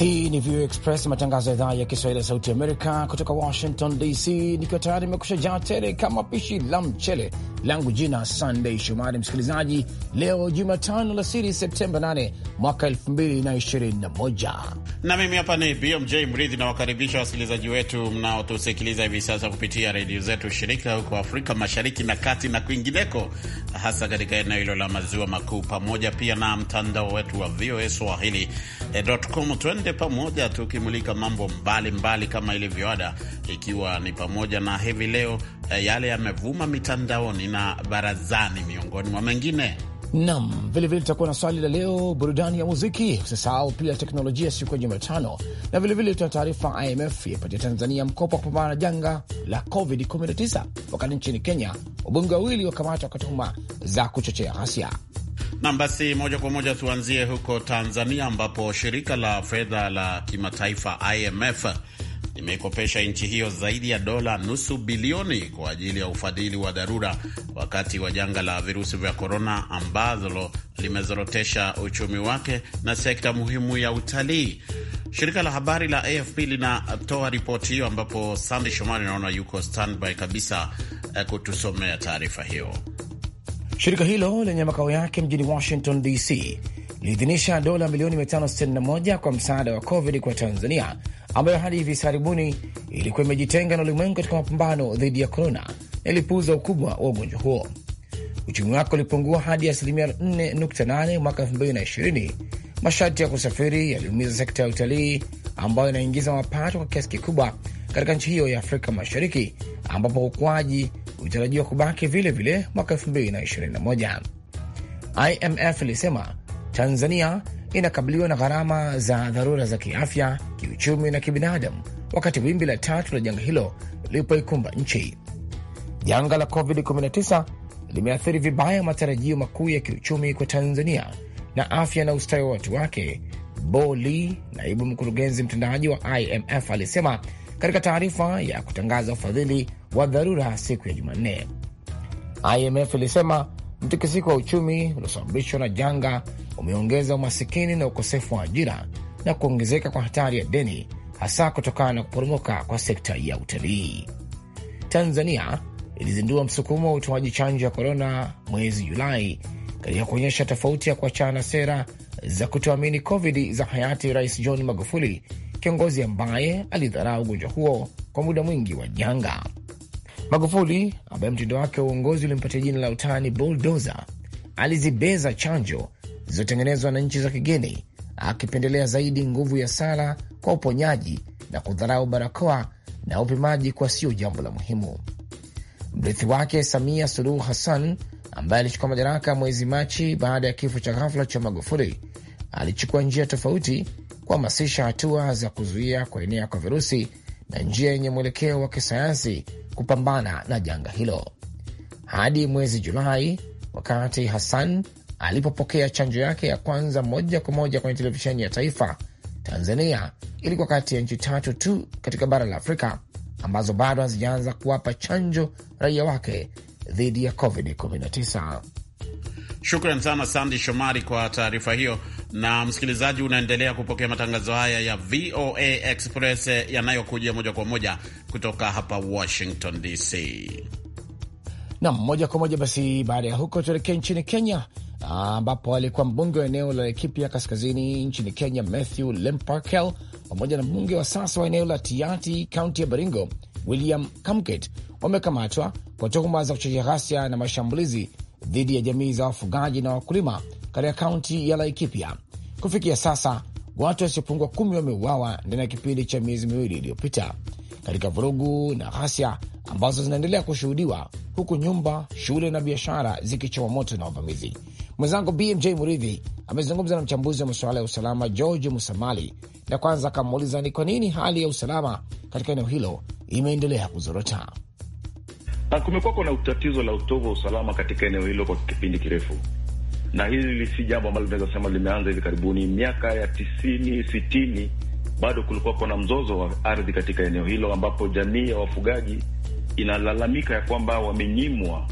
Hii ni VOA Express, matangazo ya idhaa ya Kiswahili ya Sauti Amerika kutoka Washington DC, nikiwa tayari imekusha jaa tele kama pishi la mchele langu. Jina sandey Shomari. Msikilizaji, leo Jumatano la siri Septemba 8 mwaka 2021, na mimi hapa ni BMJ Mridhi, nawakaribisha wasikilizaji wetu mnaotusikiliza hivi sasa kupitia redio zetu shirika huko Afrika Mashariki na Kati na kwingineko, hasa katika eneo hilo la Maziwa Makuu, pamoja pia na mtandao wetu wa VOA Swahili.com. Twende wote pamoja tukimulika mambo mbalimbali mbali kama ilivyoada, ikiwa ni pamoja na hivi leo eh, yale yamevuma mitandaoni na barazani, miongoni mwa mengine. Nam, vilevile tutakuwa na swali la leo, burudani ya muziki, usisahau pia teknolojia siku ya Jumatano, na vilevile tuna taarifa IMF yapatia Tanzania mkopo wa kupambana na janga la COVID-19, wakati nchini Kenya wabunge wawili wakamatwa kwa tuhuma za kuchochea ghasia. Nam, basi moja kwa moja tuanzie huko Tanzania ambapo shirika la fedha la kimataifa IMF limekopesha nchi hiyo zaidi ya dola nusu bilioni kwa ajili ya ufadhili wa dharura wakati wa janga la virusi vya korona ambalo limezorotesha uchumi wake na sekta muhimu ya utalii. Shirika la habari la AFP linatoa ripoti hiyo, ambapo Sandi Shomari naona yuko standby kabisa eh, kutusomea taarifa hiyo. Shirika hilo lenye makao yake mjini Washington DC liliidhinisha dola milioni 561 kwa msaada wa COVID kwa Tanzania, ambayo hadi hivi karibuni ilikuwa imejitenga na ulimwengu katika mapambano dhidi ya korona na ilipuuza ukubwa wa ugonjwa huo. Uchumi wake ulipungua hadi asilimia 4.8 mwaka 2020. Masharti ya kusafiri yaliumiza sekta ya utalii ambayo inaingiza mapato kwa kiasi kikubwa katika nchi hiyo ya Afrika Mashariki, ambapo ukuaji ulitarajiwa kubaki vile vile mwaka 2021. IMF ilisema Tanzania inakabiliwa na gharama za dharura za kiafya, kiuchumi na kibinadamu, wakati wimbi la tatu la janga hilo lilipoikumba nchi. Janga la COVID-19 limeathiri vibaya matarajio makuu ya kiuchumi kwa Tanzania na afya na ustawi wa watu wake, Bo Lee, naibu mkurugenzi mtendaji wa IMF, alisema katika taarifa ya kutangaza ufadhili wa dharura siku ya Jumanne. IMF ilisema mtikisiko wa uchumi uliosababishwa na janga umeongeza umasikini na ukosefu wa ajira na kuongezeka kwa hatari ya deni, hasa kutokana na kuporomoka kwa sekta ya utalii. Tanzania ilizindua msukumo wa utoaji chanjo ya korona mwezi Julai katika kuonyesha tofauti ya kuachana na sera za kutoamini covid za hayati Rais John Magufuli kiongozi ambaye alidharau ugonjwa huo kwa muda mwingi wa janga. Magufuli ambaye mtindo wake wa uongozi ulimpatia jina la utani buldoza, alizibeza chanjo zilizotengenezwa na nchi za kigeni, akipendelea zaidi nguvu ya sala kwa uponyaji na kudharau barakoa na upimaji kwa sio jambo la muhimu. Mrithi wake Samia Suluhu Hassan ambaye alichukua madaraka mwezi Machi baada ya kifo cha ghafla cha Magufuli alichukua njia tofauti kuhamasisha hatua za kuzuia kuenea kwa virusi na njia yenye mwelekeo wa kisayansi kupambana na janga hilo. Hadi mwezi Julai, wakati Hassan alipopokea chanjo yake ya kwanza moja kwa moja kwenye televisheni ya taifa, Tanzania ilikuwa kati ya nchi tatu tu katika bara la Afrika ambazo bado hazijaanza kuwapa chanjo raia wake dhidi ya COVID-19. Shukran sana Sandi Shomari kwa taarifa hiyo na msikilizaji, unaendelea kupokea matangazo haya ya VOA Express eh, yanayokuja moja kwa moja kutoka hapa Washington DC. Nam moja kwa moja basi, baada ya huko tuelekee nchini Kenya, ambapo alikuwa mbunge wa eneo la Laikipia kaskazini nchini Kenya Matthew Lemparkel pamoja na mbunge wa sasa wa eneo la tiati kaunti ya Baringo William Kamket wamekamatwa kwa tuhuma za kuchochea ghasia na mashambulizi dhidi ya jamii za wafugaji na wakulima katika kaunti ya Laikipia. Kufikia sasa watu wasiopungua kumi wameuawa ndani ya kipindi cha miezi miwili iliyopita katika vurugu na ghasia ambazo zinaendelea kushuhudiwa huku nyumba, shule na biashara zikichoma moto na wavamizi. Mwenzangu BMJ Muridhi amezungumza na mchambuzi wa masuala ya usalama George Musamali, na kwanza akamuuliza ni kwa nini hali ya usalama katika eneo hilo imeendelea kuzorota. Kumekuwa kuna tatizo la utovu wa usalama katika eneo hilo kwa kipindi kirefu na hili si jambo ambalo linaweza sema limeanza hivi karibuni. Miaka ya tisini, sitini bado kulikuwa kuna mzozo wa ardhi katika eneo hilo, ambapo jamii ya wafugaji inalalamika ya kwamba wamenyimwa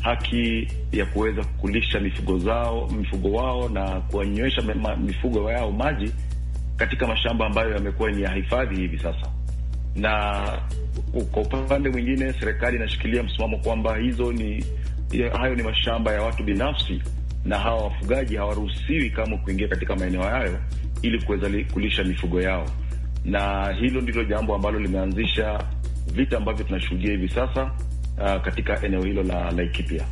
haki ya kuweza kulisha mifugo zao mifugo wao na kuwanywesha mifugo yao maji katika mashamba ambayo yamekuwa ni ya hifadhi hivi sasa. Na kwa upande mwingine, serikali inashikilia msimamo kwamba hizo ni hayo ni mashamba ya watu binafsi na hawa wafugaji hawaruhusiwi kamwe kuingia katika maeneo hayo ili kuweza kulisha mifugo yao, na hilo ndilo jambo ambalo limeanzisha vita ambavyo tunashuhudia hivi sasa uh, katika eneo hilo la Laikipia.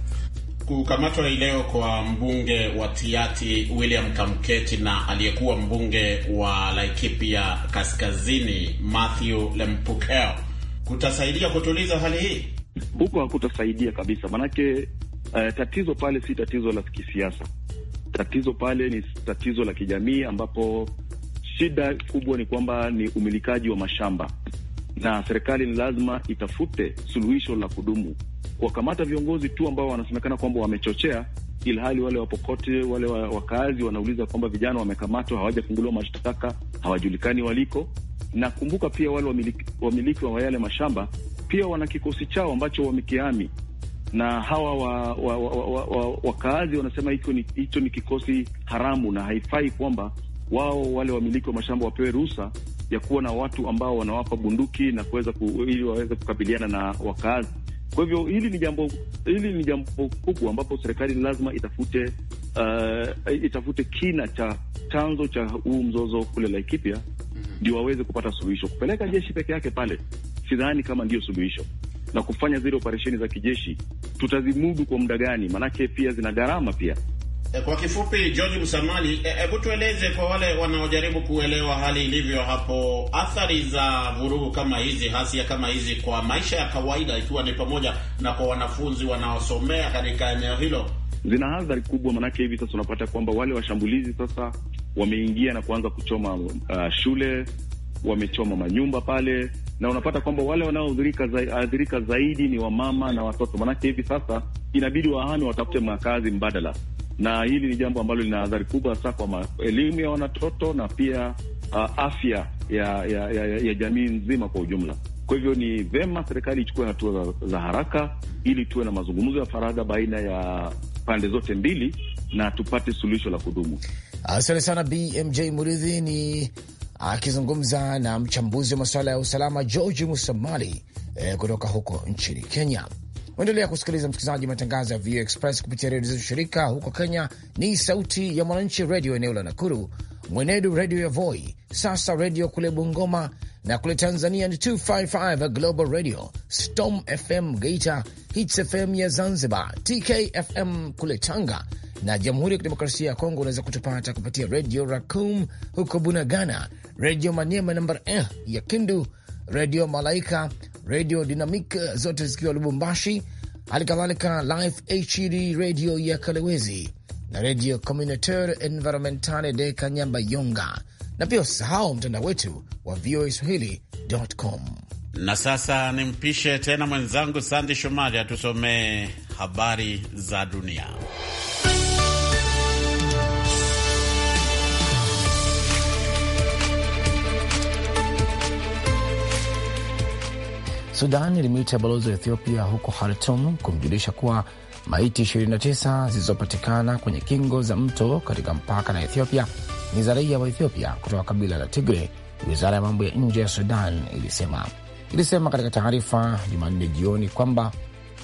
Kukamatwa hii leo kwa mbunge wa tiati William Kamketi na aliyekuwa mbunge wa Laikipia Kaskazini Matthew Lempukeo kutasaidia kutuliza hali hii huko, hakutasaidia kabisa, manake Uh, tatizo pale si tatizo la kisiasa, tatizo pale ni tatizo la kijamii, ambapo shida kubwa ni kwamba ni umilikaji wa mashamba, na serikali ni lazima itafute suluhisho la kudumu, kuwakamata viongozi tu ambao wanasemekana kwamba wamechochea, ilhali wale wapokote wale wakaazi wanauliza kwamba vijana wamekamatwa, hawajafunguliwa mashtaka, hawajulikani waliko. Na kumbuka pia wale wamiliki, wamiliki wa yale mashamba pia wana kikosi chao ambacho wamekiami na hawa wakaazi wa, wa, wa, wa, wa wanasema hicho ni, hicho ni kikosi haramu na haifai kwamba wao wale wamiliki wa mashamba wapewe ruhusa ya kuwa na watu ambao wanawapa bunduki na kuweza ku, ili waweze kukabiliana na wakaazi. Kwa hivyo hili ni jambo hili ni jambo kubwa ambapo serikali lazima itafute uh, itafute kina cha chanzo cha huu mzozo kule Laikipia mhm. ndio mm -hmm. waweze kupata suluhisho. Kupeleka mhm. jeshi peke yake pale sidhani kama ndio suluhisho, na kufanya zile operesheni za kijeshi tutazimudu kwa muda gani? Maanake pia zina gharama pia. Eh, kwa kifupi, George Musamali, eh, hebu e, tueleze kwa wale wanaojaribu kuelewa hali ilivyo hapo, athari za vurugu kama hizi, hasia kama hizi kwa maisha ya kawaida, ikiwa ni pamoja na kwa wanafunzi wanaosomea katika eneo hilo, zina athari kubwa. Maanake hivi sasa unapata kwamba wale washambulizi sasa wameingia na kuanza kuchoma uh, shule wamechoma manyumba pale, na unapata kwamba wale wanaoathirika za, zaidi ni wamama na watoto, manake hivi sasa inabidi wahame watafute makazi mbadala, na hili ni jambo ambalo lina adhari kubwa hasa kwa elimu ya wanatoto na pia uh, afya ya, ya, ya, ya jamii nzima kwa ujumla. Kwa hivyo ni vema serikali ichukue hatua za, za haraka ili tuwe na mazungumzo ya faragha baina ya pande zote mbili na tupate suluhisho la kudumu. Asante sana BMJ Muridhi. Ni akizungumza na mchambuzi wa masuala ya usalama George Musamali eh, kutoka huko nchini Kenya. Endelea kusikiliza msikilizaji, matangazo ya VOA Express kupitia redio zetu shirika huko Kenya ni Sauti ya Mwananchi redio eneo la Nakuru, Mwenedu redio ya Voi, Sasa redio kule Bungoma, na kule Tanzania ni 255 Global Radio, Storm FM Geita, Hits FM ya Zanzibar, TKFM kule Tanga, na Jamhuri ya Kidemokrasia ya Kongo unaweza kutupata kupitia redio Racum huko Bunagana Redio Maniema eh, ya Kindu, Redio Malaika, Redio Dinamik zote zikiwa Lubumbashi, hali kadhalika Live HD e redio ya Kalewezi na Redio Communautaire Environmentale de Kanyamba Yonga, na pia usisahau mtandao wetu wa VOA Swahili.com. Na sasa nimpishe tena mwenzangu Sandi Shomari atusomee habari za dunia. Sudan ilimwita balozi wa Ethiopia huko Khartum kumjulisha kuwa maiti 29 zilizopatikana kwenye kingo za mto katika mpaka na Ethiopia ni za raia wa Ethiopia kutoka kabila la Tigre. Wizara ya mambo ya nje ya Sudan ilisema ilisema katika taarifa Jumanne jioni kwamba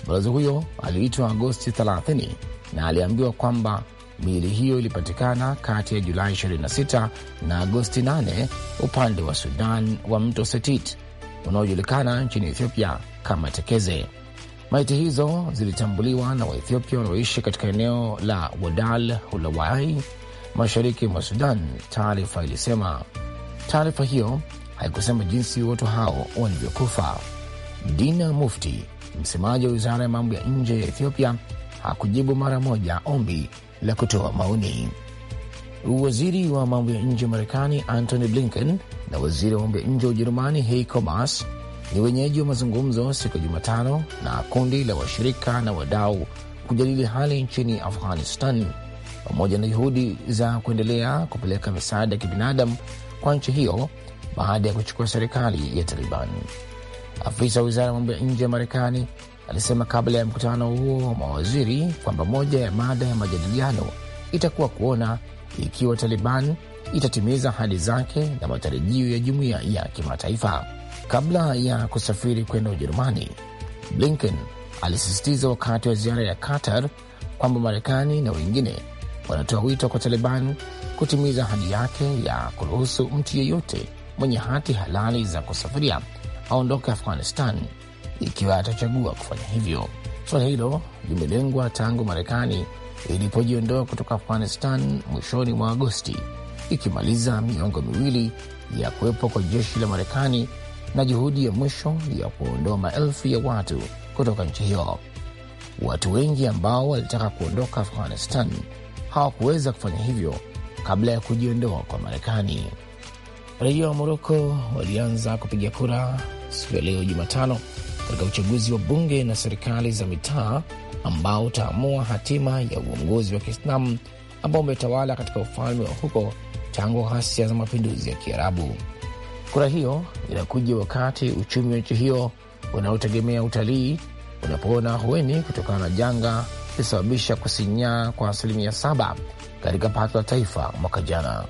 balozi huyo aliitwa Agosti 30 na aliambiwa kwamba miili hiyo ilipatikana kati ya Julai 26 na Agosti 8 upande wa Sudan wa mto Setit unaojulikana nchini Ethiopia kama Tekeze. Maiti hizo zilitambuliwa na Waethiopia wanaoishi katika eneo la Wadal Hulawai, mashariki mwa Sudan, taarifa ilisema. Taarifa hiyo haikusema jinsi watu hao walivyokufa. Dina Mufti, msemaji wa wizara ya mambo ya nje ya Ethiopia, hakujibu mara moja ombi la kutoa maoni waziri wa mambo ya nje wa Marekani Antony Blinken na waziri wa mambo ya nje wa Ujerumani Heiko Maas ni wenyeji wa mazungumzo siku ya Jumatano na kundi la washirika na wadau kujadili hali nchini Afghanistan pamoja na juhudi za kuendelea kupeleka misaada ya kibinadamu kwa nchi hiyo baada ya kuchukua serikali ya Taliban. Afisa wa wizara ya mambo ya nje ya Marekani alisema kabla ya mkutano huo wa mawaziri kwamba moja ya mada ya majadiliano itakuwa kuona ikiwa Taliban itatimiza ahadi zake na matarajio ya jumuiya ya kimataifa. Kabla ya kusafiri kwenda Ujerumani, Blinken alisisitiza wakati wa ziara ya Qatar kwamba Marekani na wengine wanatoa wito kwa Taliban kutimiza ahadi yake ya kuruhusu mtu yeyote mwenye hati halali za kusafiria aondoke Afghanistan ikiwa atachagua kufanya hivyo. Suala hilo limelengwa tangu Marekani ilipojiondoa kutoka Afghanistan mwishoni mwa Agosti, ikimaliza miongo miwili ya kuwepo kwa jeshi la Marekani na juhudi ya mwisho ya kuondoa maelfu ya watu kutoka nchi hiyo. Watu wengi ambao walitaka kuondoka Afghanistan hawakuweza kufanya hivyo kabla ya kujiondoa kwa Marekani. Raia wa Moroko walianza kupiga kura siku ya leo Jumatano katika uchaguzi wa bunge na serikali za mitaa ambao utaamua hatima ya uongozi wa Kiislamu ambao umetawala katika ufalme wa huko tangu ghasia za mapinduzi ya Kiarabu. Kura hiyo inakuja wakati uchumi wa nchi hiyo unaotegemea utalii unapoona hueni kutokana na janga ilisababisha kusinyaa kwa asilimia saba katika pato la taifa mwaka jana.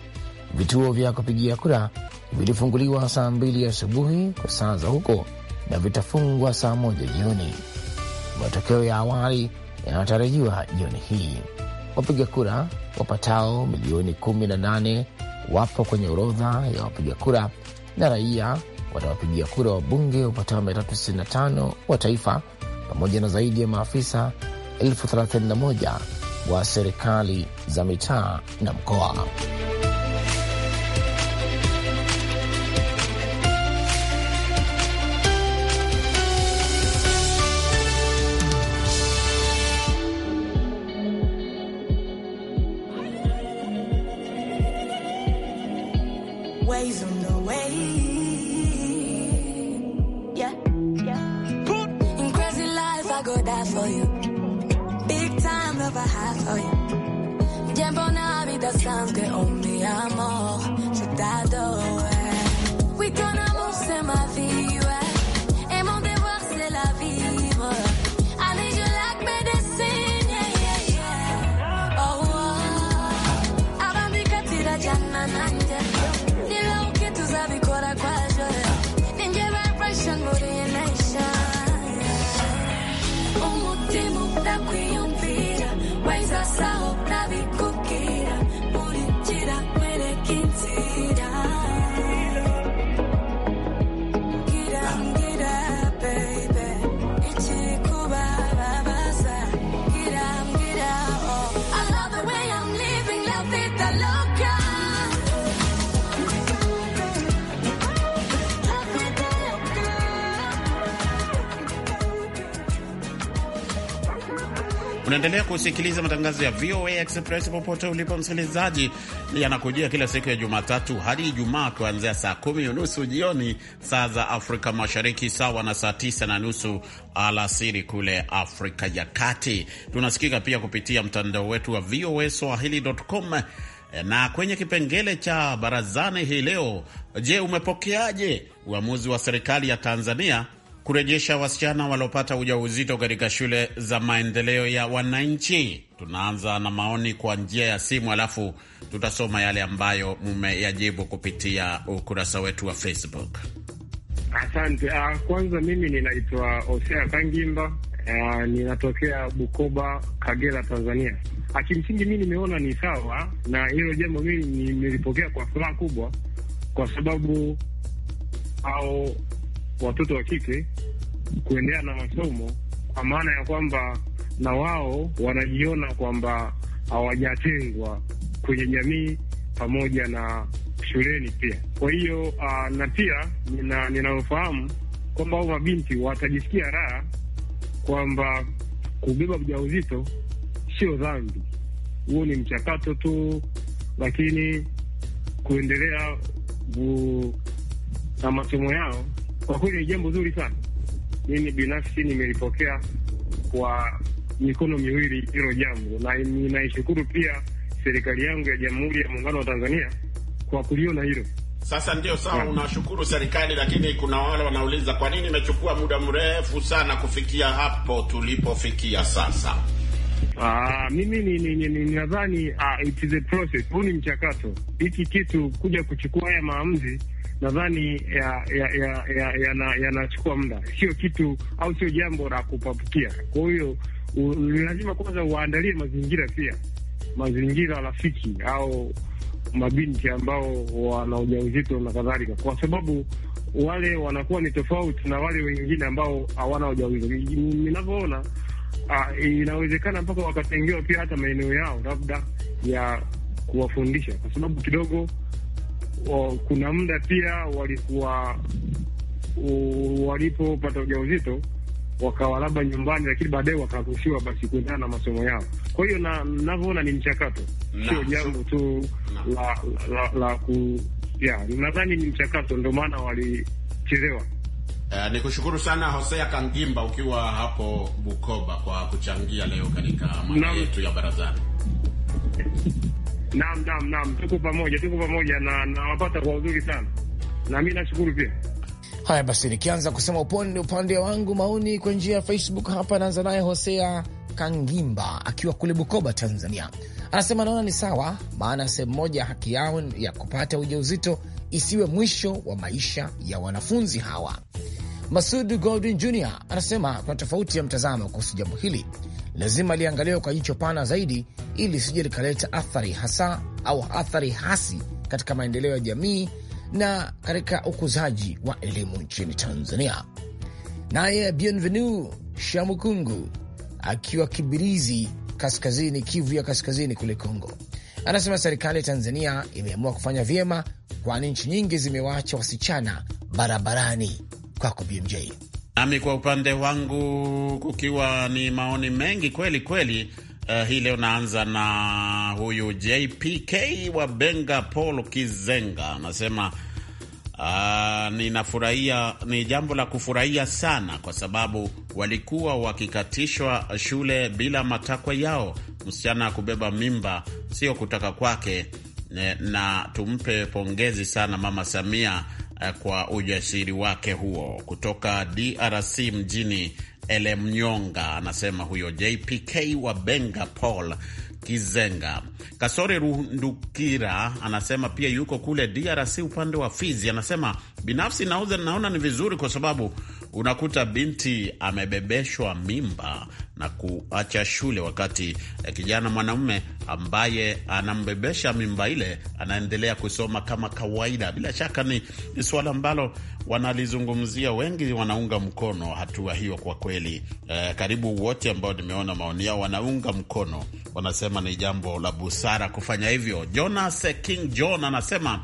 Vituo vya kupigia kura vilifunguliwa saa mbili asubuhi kwa saa za huko na vitafungwa saa moja jioni. Matokeo ya awali yanatarajiwa jioni hii. Wapiga kura wapatao milioni 18 wapo kwenye orodha ya wapiga kura na raia watawapigia kura wabunge wapatao 365 wa taifa pamoja na zaidi ya maafisa elfu 31 wa serikali za mitaa na mkoa. always on the way. Yeah, yeah. In crazy life, I go die for you. Big time love, I have for you. Jump na vida, the sounds good on me. I'm all We gonna move semi Unaendelea kusikiliza matangazo ya VOA Express popote ulipo, msikilizaji. Yanakujia kila siku ya Jumatatu hadi Ijumaa kuanzia saa kumi unusu jioni saa za Afrika Mashariki, sawa na saa tisa na nusu alasiri kule Afrika ya Kati. Tunasikika pia kupitia mtandao wetu wa VOA Swahili.com na kwenye kipengele cha barazani hii leo, je, umepokeaje uamuzi wa serikali ya Tanzania kurejesha wasichana waliopata ujauzito katika shule za maendeleo ya wananchi. Tunaanza na maoni kwa njia ya simu, alafu tutasoma yale ambayo mumeyajibu kupitia ukurasa wetu wa Facebook. Asante. Uh, kwanza mimi ninaitwa Osea Kangimba. Uh, ninatokea Bukoba, Kagera, Tanzania. Ah, kimsingi mi nimeona ni sawa na hilo jambo, mimi nimelipokea kwa furaha kubwa, kwa sababu au watoto wa kike kuendelea na masomo, kwa maana ya kwamba na wao wanajiona kwamba hawajatengwa kwenye jamii pamoja na shuleni pia. Kwa hiyo uh, na pia ninayofahamu nina kwamba hao mabinti watajisikia raha kwamba kubeba ujauzito sio dhambi, huo ni mchakato tu, lakini kuendelea bu... na masomo yao kwa kweli ni jambo zuri sana, mimi binafsi nimelipokea kwa mikono miwili hilo jambo, na ninaishukuru pia serikali yangu ya Jamhuri ya Muungano wa Tanzania kwa kuliona hilo. Sasa ndio sawa, unashukuru serikali, lakini kuna wale wanauliza kwa nini imechukua muda mrefu sana kufikia hapo tulipofikia sasa. Aa, ah, mimi ni, ni, ni, ni, nadhani uh, ah, it is a process. Huu ni mchakato, hiki kitu kuja kuchukua haya maamuzi nadhani yanachukua muda, sio kitu au sio jambo la kupapukia. Kwa hiyo lazima kwanza waandalie mazingira, pia mazingira rafiki au mabinti ambao wana ujauzito na kadhalika, kwa sababu wale wanakuwa ni tofauti na wale wengine ambao hawana ujauzito. Ninavyoona inawezekana mpaka wakatengewa pia hata maeneo yao labda ya kuwafundisha, kwa sababu kidogo o, kuna muda pia walikuwa walipopata ujauzito wakawa labda nyumbani, lakini baadaye wakaruhusiwa basi kuendana na masomo yao. Kwa hiyo na navyoona ni mchakato, sio jambo tu la, la, la, la ku nadhani ni mchakato, ndio maana walichelewa. Uh, eh, ni kushukuru sana Hosea Kangimba ukiwa hapo Bukoba kwa kuchangia leo katika mada yetu ya barazani. Naam, naam, naam, tuko pamoja, tuko pamoja na nawapata kwa uzuri sana, na mi nashukuru pia. Haya basi, nikianza kusema upande upande wangu maoni kwa njia ya Facebook hapa, naanza naye Hosea Kangimba akiwa kule Bukoba, Tanzania, anasema naona ni sawa, maana sehemu moja haki yao ya kupata ujauzito isiwe mwisho wa maisha ya wanafunzi hawa. Masudu Golden Jr anasema kuna tofauti ya mtazamo kuhusu jambo hili lazima liangaliwe kwa jicho pana zaidi, ili lisije likaleta athari hasa au athari hasi katika maendeleo ya jamii na katika ukuzaji wa elimu nchini Tanzania. Naye Bienvenu Shamukungu akiwa Kibirizi, kaskazini Kivu ya kaskazini kule Kongo, anasema serikali ya Tanzania imeamua kufanya vyema, kwani nchi nyingi zimewaacha wasichana barabarani. Kwako BMJ. Nami kwa upande wangu kukiwa ni maoni mengi kweli kweli. Uh, hii leo naanza na huyu JPK wa Benga Paul Kizenga anasema, uh, ninafurahia, ni jambo la kufurahia sana kwa sababu walikuwa wakikatishwa shule bila matakwa yao. Msichana kubeba mimba sio kutaka kwake, na tumpe pongezi sana Mama Samia Eh, kwa ujasiri wake huo. Kutoka DRC mjini Elemnyonga anasema huyo JPK wa Benga Paul Kizenga. Kasore Rundukira anasema pia yuko kule DRC upande wa Fizi. Anasema binafsi naoza, naona ni vizuri kwa sababu unakuta binti amebebeshwa mimba na kuacha shule, wakati eh, kijana mwanaume ambaye anambebesha mimba ile anaendelea kusoma kama kawaida. Bila shaka ni, ni suala ambalo wanalizungumzia, wengi wanaunga mkono hatua hiyo kwa kweli. Eh, karibu wote ambao nimeona maoni yao wanaunga mkono, wanasema ni jambo la busara kufanya hivyo. Jonas King John anasema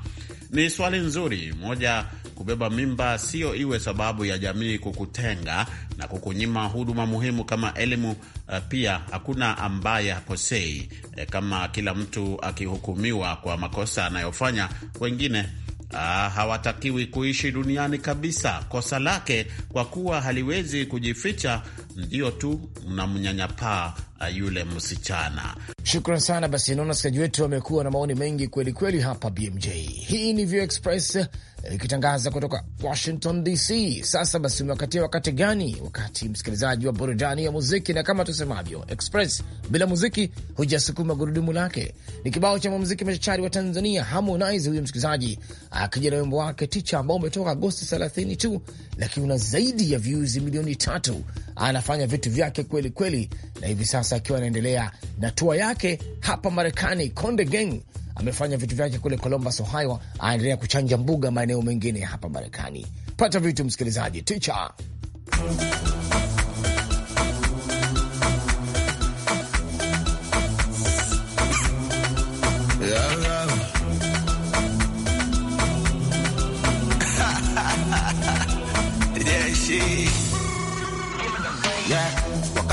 ni swali nzuri moja. Kubeba mimba sio iwe sababu ya jamii kukutenga na kukunyima huduma muhimu kama elimu. Eh, pia hakuna ambaye hakosei, eh, kama kila mtu akihukumiwa kwa makosa anayofanya wengine ah, hawatakiwi kuishi duniani kabisa. Kosa lake kwa kuwa haliwezi kujificha ndio tu mnamnyanyapaa uh, yule msichana. Shukran sana. Basi naona wasikilizaji wetu wamekuwa na maoni mengi kweli kweli hapa BMJ. Hii ni View Express eh, ikitangaza kutoka Washington DC. Sasa basi, umewakatia wakati gani? Wakati msikilizaji wa burudani ya muziki, na kama tusemavyo Express bila muziki hujasukuma gurudumu lake. Ni kibao cha mwanamuziki machachari wa Tanzania Harmonize, huyu msikilizaji akija na wimbo wake Ticha ambao umetoka Agosti 30 tu, lakini una zaidi ya views milioni tatu. Ana anafanya vitu vyake kweli kweli, na hivi sasa akiwa anaendelea na tua yake hapa Marekani. Konde Gang amefanya vitu vyake kule Columbus, Ohio, anaendelea kuchanja mbuga maeneo mengine hapa Marekani. Pata vitu msikilizaji, ticha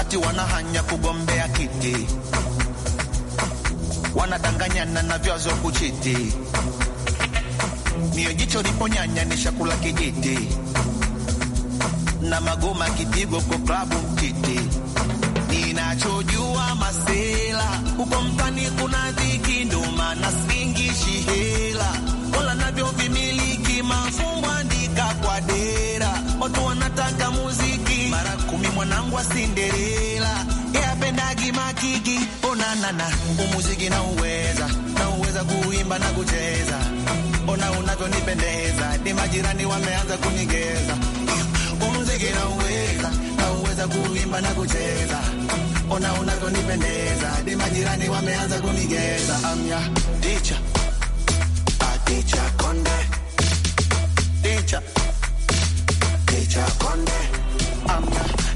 ati wanahanya kugombea kiti, wanadanganyana na vyazo kuchiti, niyo jicho liponyanya ni shakula kijiti, na magoma kidigo kwa klabu mtiti. Ninachojua masela huko mtani kuna dhiki, ndo maana singishi hela wala navyo vimiliki, mafumbo andika kwa dera, watu wanataka muziki mwanangu wa Cinderella, yeye apendagi makiki onanana, oh, umuziki na uweza na uweza kuimba na kucheza, ona oh, unavyonipendeza, ni majirani wameanza kunigeza. Umuziki na uweza na uweza kuimba na kucheza, ona oh, unavyonipendeza, ni majirani wameanza kunigeza. Amya ticha aticha konde ticha ticha konde amya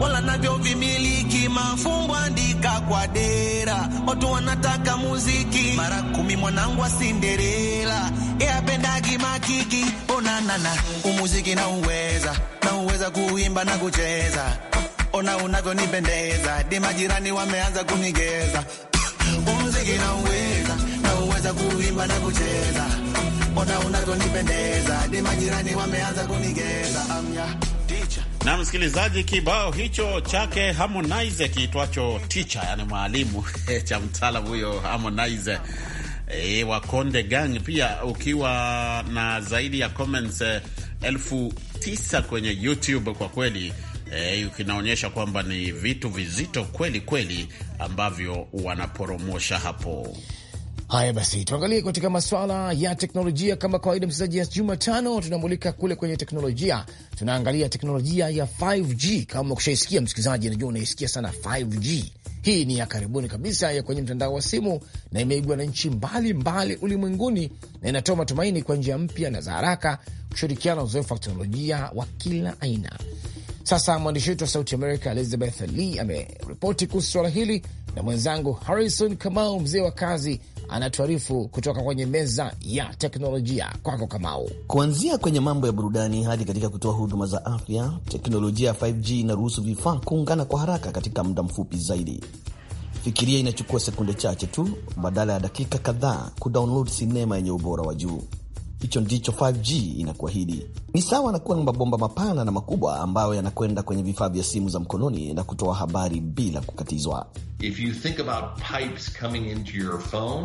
wala navyo vimiliki. Mafumbo andika kwa dera, watu wanataka muziki mara kumi. Mwanangu wa asinderela eapendagi makiki onanana umuziki na uweza na uweza kuimba na kucheza, ona unavyonipendeza di majirani wameanza kunigeza umuziki na uweza na uweza kuimba na kucheza, ona unavyonipendeza di majirani wameanza kunigeza amya um, na msikilizaji, kibao hicho chake Harmonize kiitwacho ticha, yani mwalimu cha mtaalamu huyo Harmonize e, wa Konde Gang, pia ukiwa na zaidi ya comments eh, elfu tisa kwenye YouTube kwa kweli e, kinaonyesha kwamba ni vitu vizito kweli kweli ambavyo wanaporomosha hapo. Haya basi, tuangalie katika maswala ya teknolojia kama kawaida, mchezaji ya Jumatano tunamulika kule kwenye teknolojia, tunaangalia teknolojia ya 5G kama kushaisikia msikilizaji, najua unaisikia sana 5G. Hii ni ya karibuni kabisa ya kwenye mtandao wa simu na imeigwa na nchi mbalimbali ulimwenguni na inatoa matumaini kwa njia mpya na za haraka, kushirikiana na uzoefu wa teknolojia wa kila aina. Sasa mwandishi wetu wa Sauti america Elizabeth Lee ameripoti kuhusu swala hili na mwenzangu Harrison Kamau, mzee wa kazi, anatuarifu kutoka kwenye meza ya teknolojia. Kwako Kamau. Kuanzia kwenye mambo ya burudani hadi katika kutoa huduma za afya, teknolojia ya 5G inaruhusu vifaa kuungana kwa haraka katika muda mfupi zaidi. Fikiria, inachukua sekunde chache tu badala ya dakika kadhaa kudownload sinema yenye ubora wa juu. Hicho ndicho 5G inakuahidi. Ni sawa na kuwa na mabomba mapana na makubwa ambayo yanakwenda kwenye vifaa vya simu za mkononi na kutoa habari bila kukatizwa.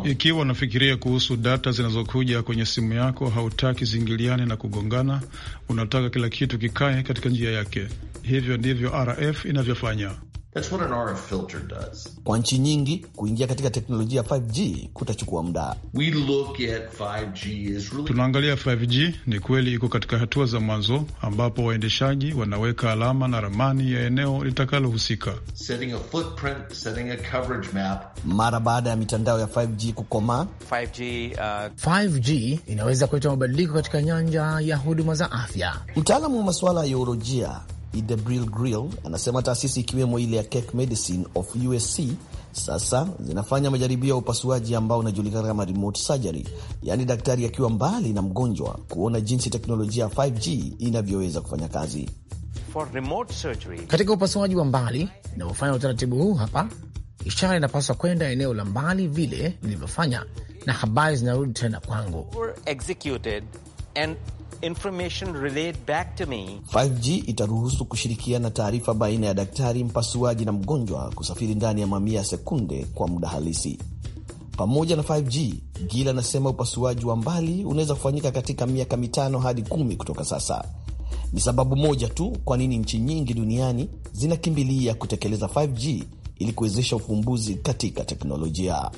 Ikiwa unafikiria kuhusu data zinazokuja kwenye simu yako, hautaki zingiliane na kugongana, unataka kila kitu kikae katika njia yake. Hivyo ndivyo RF inavyofanya. That's what an RF filter does. Kwa nchi nyingi kuingia katika teknolojia 5G kutachukua muda. We look at 5G is really... Tunaangalia 5G ni kweli iko katika hatua za mwanzo ambapo waendeshaji wanaweka alama na ramani ya eneo litakalohusika. Setting a footprint, setting a coverage map. Mara baada ya mitandao ya 5G kukomaa, 5G, uh... 5G inaweza kuleta mabadiliko katika nyanja ya huduma za afya. Mtaalamu wa masuala ya urojia Idebril Grill anasema taasisi ikiwemo ile ya Cake Medicine of USC sasa zinafanya majaribio ya upasuaji ambao unajulikana kama remote surgery, yaani daktari akiwa ya mbali na mgonjwa kuona jinsi teknolojia ya 5G inavyoweza kufanya kazi katika upasuaji wa mbali. Inavyofanya utaratibu huu hapa, ishara inapaswa kwenda eneo la mbali vile nilivyofanya, na habari zinarudi tena kwangu information relayed back to me. 5G itaruhusu kushirikiana taarifa baina ya daktari, mpasuaji na mgonjwa kusafiri ndani ya mamia ya sekunde kwa muda halisi. Pamoja na 5G, Gil anasema upasuaji wa mbali unaweza kufanyika katika miaka mitano hadi kumi kutoka sasa. Ni sababu moja tu kwa nini nchi nyingi duniani zinakimbilia kutekeleza 5G ili kuwezesha ufumbuzi katika teknolojia.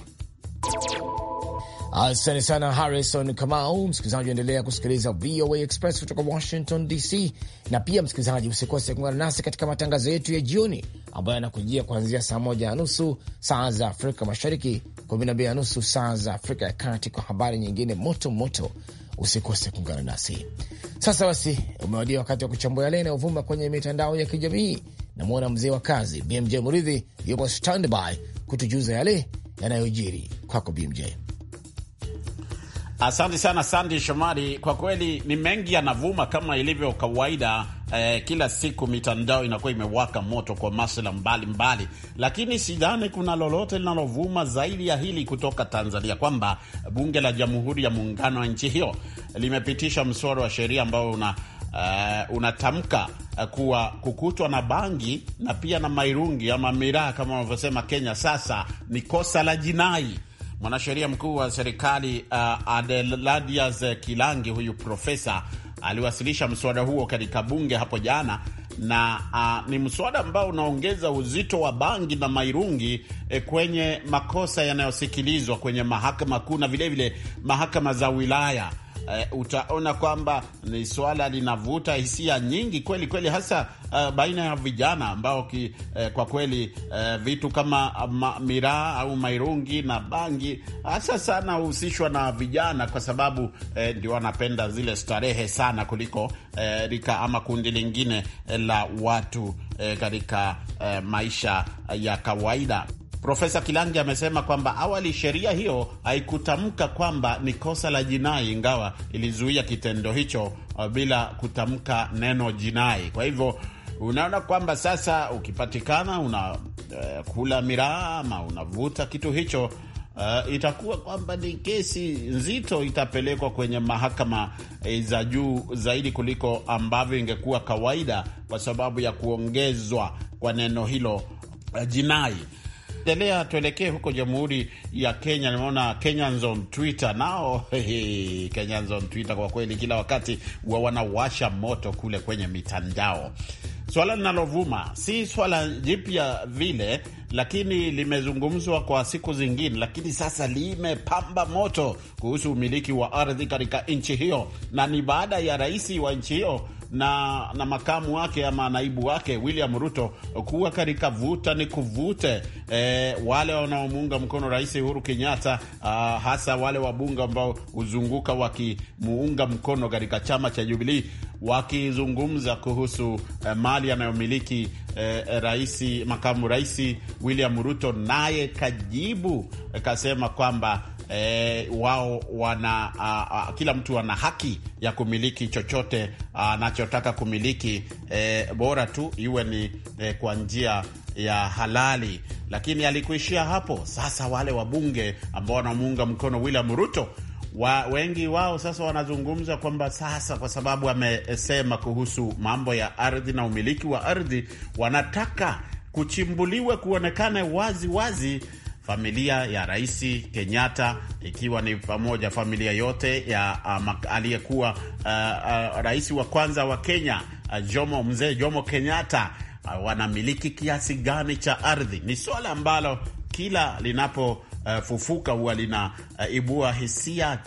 Asante sana Harrison Kamau. Msikilizaji, endelea kusikiliza VOA Express kutoka Washington DC, na pia msikilizaji, usikose kuungana nasi katika matangazo yetu ya jioni ambayo yanakujia kuanzia saa moja na nusu saa za Afrika Mashariki, kumi na mbili na nusu saa za Afrika ya Kati, kwa habari nyingine moto moto. Usikose kuungana nasi. Sasa basi, umewadia wakati wa kuchambua yale yanayovuma kwenye mitandao ya kijamii. Namwona mzee wa kazi BMJ Muridhi yuko standby kutujuza yale yanayojiri. Kwako BMJ. Asante sana Sandi Shomari, kwa kweli ni mengi yanavuma kama ilivyo kawaida. Eh, kila siku mitandao inakuwa imewaka moto kwa masuala mbalimbali, lakini sidhani kuna lolote linalovuma zaidi ya hili kutoka Tanzania, kwamba bunge la Jamhuri ya Muungano wa nchi hiyo limepitisha mswada wa sheria ambao una Uh, unatamka uh, kuwa kukutwa na bangi na pia na mairungi ama miraa kama wanavyosema Kenya sasa ni kosa la jinai. Mwanasheria mkuu wa serikali uh, Adeladias Kilangi, huyu profesa aliwasilisha mswada huo katika bunge hapo jana na uh, ni mswada ambao unaongeza uzito wa bangi na mairungi eh, kwenye makosa yanayosikilizwa kwenye mahakama kuu na vilevile mahakama za wilaya uh, utaona kwamba ni swala linavuta hisia nyingi kweli kweli, hasa uh, baina ya vijana ambao ki, uh, kwa kweli uh, vitu kama ah, ma, miraa au mairungi na bangi hasa sana huhusishwa na vijana kwa sababu uh, ndio wanapenda zile starehe sana kuliko uh, rika ama kundi lingine la watu uh, katika uh, maisha ya kawaida. Profesa Kilangi amesema kwamba awali sheria hiyo haikutamka kwamba ni kosa la jinai, ingawa ilizuia kitendo hicho uh, bila kutamka neno jinai. Kwa hivyo unaona kwamba sasa ukipatikana unakula uh, eh, miraa ama unavuta kitu hicho Uh, itakuwa kwamba ni kesi nzito, itapelekwa kwenye mahakama eh, za juu zaidi kuliko ambavyo ingekuwa kawaida, kwa sababu ya kuongezwa kwa neno hilo uh, jinai. Endelea, tuelekee huko Jamhuri ya Kenya. Nimeona Kenyans on Twitter nao, Kenyans on Twitter kwa kweli, kila wakati wa wanawasha moto kule kwenye mitandao. Swala linalovuma si swala jipya vile, lakini limezungumzwa kwa siku zingine, lakini sasa limepamba moto kuhusu umiliki wa ardhi katika nchi hiyo, na ni baada ya rais wa nchi hiyo na, na makamu wake ama naibu wake William Ruto kuwa katika vuta ni kuvute e, wale wanaomuunga mkono Rais Uhuru Kenyatta, hasa wale wabunge ambao huzunguka wakimuunga mkono katika chama cha Jubilii wakizungumza kuhusu eh, mali anayomiliki eh, rais makamu raisi William Ruto, naye kajibu e, kasema kwamba e, wao wana a, a, kila mtu ana haki ya kumiliki chochote anachotaka kumiliki e, bora tu iwe ni e, kwa njia ya halali. Lakini alikuishia hapo. Sasa wale wabunge ambao wanamuunga mkono William Ruto wa, wengi wao sasa wanazungumza kwamba sasa, kwa sababu amesema kuhusu mambo ya ardhi na umiliki wa ardhi, wanataka kuchimbuliwe kuonekane wazi wazi familia ya Rais Kenyatta, ikiwa ni pamoja familia yote ya uh, aliyekuwa uh, uh, rais wa kwanza wa Kenya uh, Jomo mzee Jomo Kenyatta uh, wanamiliki kiasi gani cha ardhi. Ni swala ambalo kila linapo uh, fufuka huwa linaibua eh, uh, hisia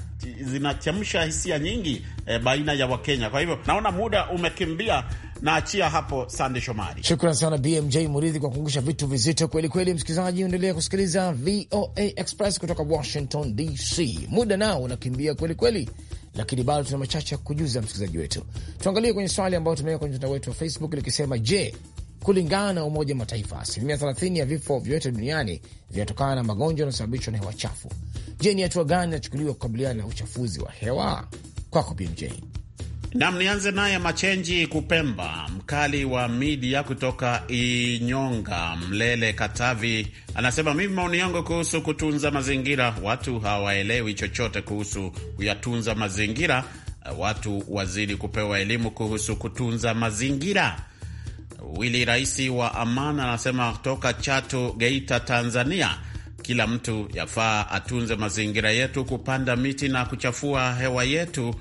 zinachemsha hisia nyingi eh, baina ya Wakenya. Kwa hivyo naona muda umekimbia, naachia hapo. Sande Shomari, shukran sana BMJ Muridhi kwa kuangusha vitu vizito kweli kweli. Msikilizaji, endelea kusikiliza VOA Express kutoka Washington DC. Muda nao unakimbia kweli kweli, lakini bado tuna machache ya kujuza msikilizaji wetu. Tuangalie kwenye swali ambayo tumeweka kwenye mtandao wetu wa Facebook likisema, je, kulingana na Umoja wa Mataifa, asilimia 30 ya vifo vyote duniani vinatokana na magonjwa yanayosababishwa na hewa chafu. Je, ni hatua gani inachukuliwa kukabiliana na uchafuzi wa hewa? Kwako BMJ. Nam, nianze naye Machenji Kupemba, mkali wa midia kutoka Inyonga, Mlele, Katavi, anasema mimi, maoni yangu kuhusu kutunza mazingira, watu hawaelewi chochote kuhusu kuyatunza mazingira. Watu wazidi kupewa elimu kuhusu kutunza mazingira. Wili Raisi wa aman anasema toka Chato, Geita, Tanzania, kila mtu yafaa atunze mazingira yetu, kupanda miti na kuchafua hewa yetu,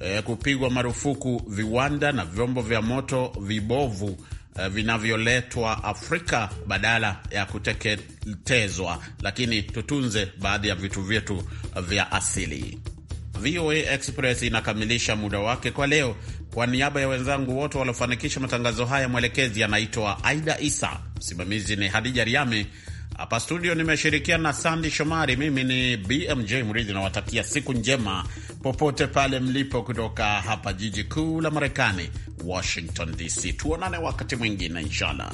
eh, kupigwa marufuku viwanda na vyombo vya moto vibovu e, vinavyoletwa Afrika badala ya kuteketezwa, lakini tutunze baadhi ya vitu vyetu vya asili. VOA Express inakamilisha muda wake kwa leo. Kwa niaba ya wenzangu wote waliofanikisha matangazo haya, mwelekezi anaitwa Aida Isa, msimamizi ni Hadija riami Hapa studio nimeshirikiana na Sandi Shomari. Mimi ni BMJ Mridhi, nawatakia siku njema popote pale mlipo, kutoka hapa jiji kuu la Marekani, Washington DC. Tuonane wakati mwingine inshallah.